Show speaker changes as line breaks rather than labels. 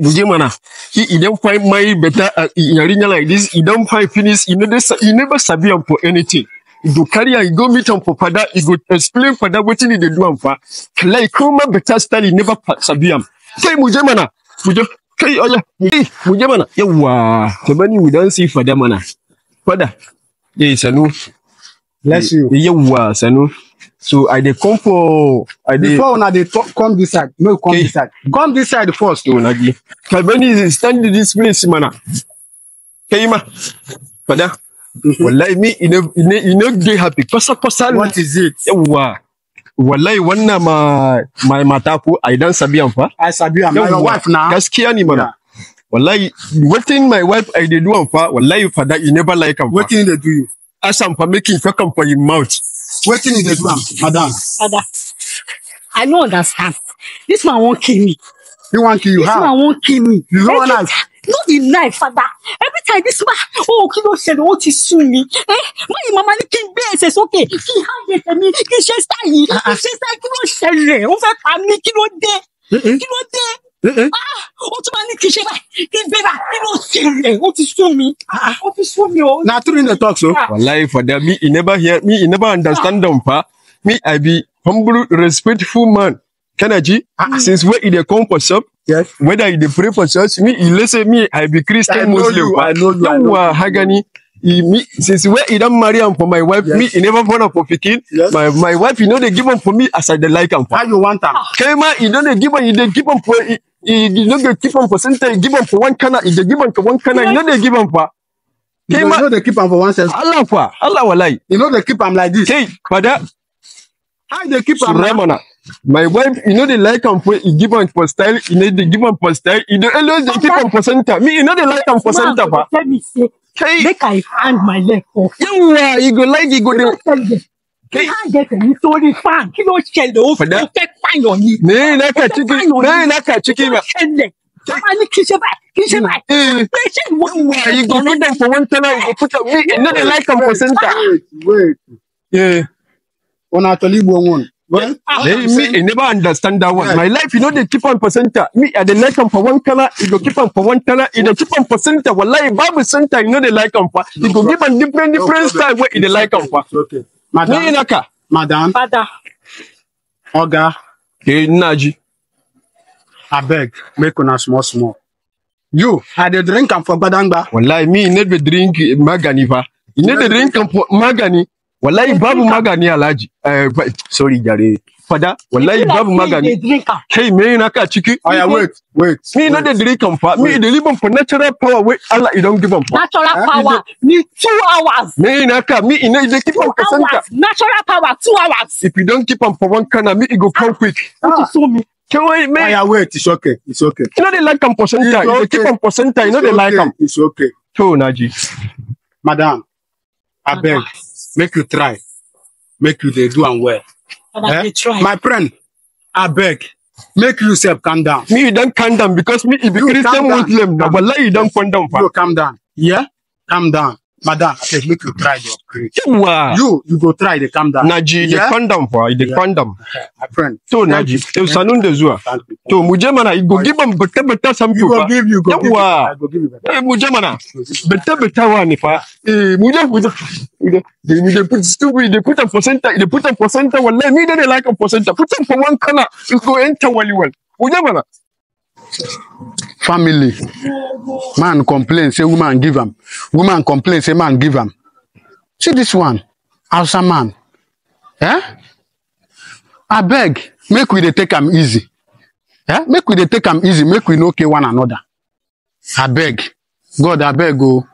je mana idan kwai mai beta yarinya like this idan kwai finish you never you never sabi am for anything do carry am go meet am for father you go explain father wetin he dey do am fa like kuma beta style you never sabi am kai mu mana mu je kai oya oh, mu je mana yawa to bani we don see father mana father Yeah, sanu bless you yawa sanu so i dey come for i dey before una dey come this side no come okay. this side come this side first o nagi my body is stand in this place mana keyima Father, mm-hmm. wallahi me e no e no e dey happy kwasakwasan what is it yawwa wallahi wannan ma my mata ko i dan sabi am fa i sabi am my wife na gaskiya ni mana wallahi thing my wife i dey do am fa wallahi fada e never like am What thing e dey do you ask am for making fuck am for your mouth wetin you dey do am madam. father i don't understand this man won't kill me. he won't kill you this how man won't kill me. you no wan knife. no be knife father every time this man oh kí ló ṣẹlẹ̀ ó ti sue me, eh báyìí màmá ní kí n gbé ẹsẹ̀ sókè kí n háyè tẹ̀mí kí n ṣe sáyì ah, ah. kí n ṣe sáyì kí ló ṣẹlẹ̀ ó fẹ́ pa mí kí ló dé eh, eh. kí ó eh, eh. ah, tún máa ní kí n ṣe báyìí kí n gbé bá nínú òṣèlè ó ti sún mi ó ah, ah, ti sún mi o. na true in the talk so. fada me e never hear me e never understand am pa. me i be humble respectful man kana ji since wey e dey come for shop yes. whether e dey pray for church me e listen me i be christian muslim fa yawwa hagani he, me, since where he don't marry him for my wife, yes. me he never born up for picking. Yes. My my wife, you know they give him for me as I they like him for. How you want him? Kema, you know they give him, you they give him for. He, you no dey keep am for center you give am for one corner you dey give am for one corner you no dey give am fa. you no dey keep am for one center. allah fa allah walai. you no dey keep am like this. kei fada. i dey keep am. suremona ah. my wife you no dey like am for you give am for style you no dey give am for style you dey always dey keep am for center me you no dey like am for center fa. tell me say make i hang my leg for. yawwa ah, you go like you go dey kí á jẹ tẹ̀mí sórí fan kí ló ṣẹlẹ̀ o fẹ́ fàyàn ni. ní ìnáka chicken ní ìnáka chicken ma. Bàbá ní kí n ṣe báyìí, kí n ṣe mm, báyìí. Pé ṣé ìwọ ìwọ ẹ̀yìn gan ló dẹ̀ fún wọn tẹ́lẹ̀ ìwọ fún tẹ̀ mí iná ni láìka mọ̀ sí níta. Ọ̀nà àtọ̀lé ìgbò wọn. Well, they, me, I never understand that one. Right. My life, you know, they keep on percenter. Me, I they like them for one color, you go keep on for one color, you go keep on for center. Well, like Bible center, you know, they like them for. You go give them different, different style where they like them for. Okay. Madam. Naka. Madam. Father. Oga. Hey, Naji. I beg, make una small small. You, I dey drink am for Gbadangba. Wallahi, me no dey drink Magani fa. You no dey drink am for Magani. Wallahi, babu Magani alaji. Uh, sorry, Jare. fada wallahi babu magani kai me na ka ciki aya wait wait Me na da drink am fa me da liban for natural power wait Allah idan give am fa natural eh? power ni two hours me na ka me ina da keep am kasanta natural power two hours if you don't keep am for one kana me go come ah. quick What you ah. so me Can we make? Aya wait, it's okay, it's okay. You know they like am percentile. You They keep am percentile. You know they like am. It's okay. To Naji, madam, I beg, make you try, make you dey do am well. Eh? My friend, I beg. Make yourself calm down. Me, you don't calm down because me, if you Christian Muslim, now, but you don't calm down. You calm down. Yeah? Calm down. Madam, Okay, make you try the upgrade. Wow. You, you go try the calm down. Naji, yeah? the condom, for the yeah. condom. Okay. My friend. So, Naji, you saloon the zua. So, Mujamana, you go give them better, better some You go give, you go give. Wow. Mujamana, better, better one, if I, eh, they, they, they put stupid, they put them for center, they put them for center. Well, me they like them for center. Put them for one corner. You go enter well, well. Ujabana. Family. Man complain, say woman give him. Woman complain, say man give him. See this one, Hausa man. Eh? I beg, make we they take him easy. Eh? Make we they take him easy. Make we no okay one another. I beg. God, I beg, oh.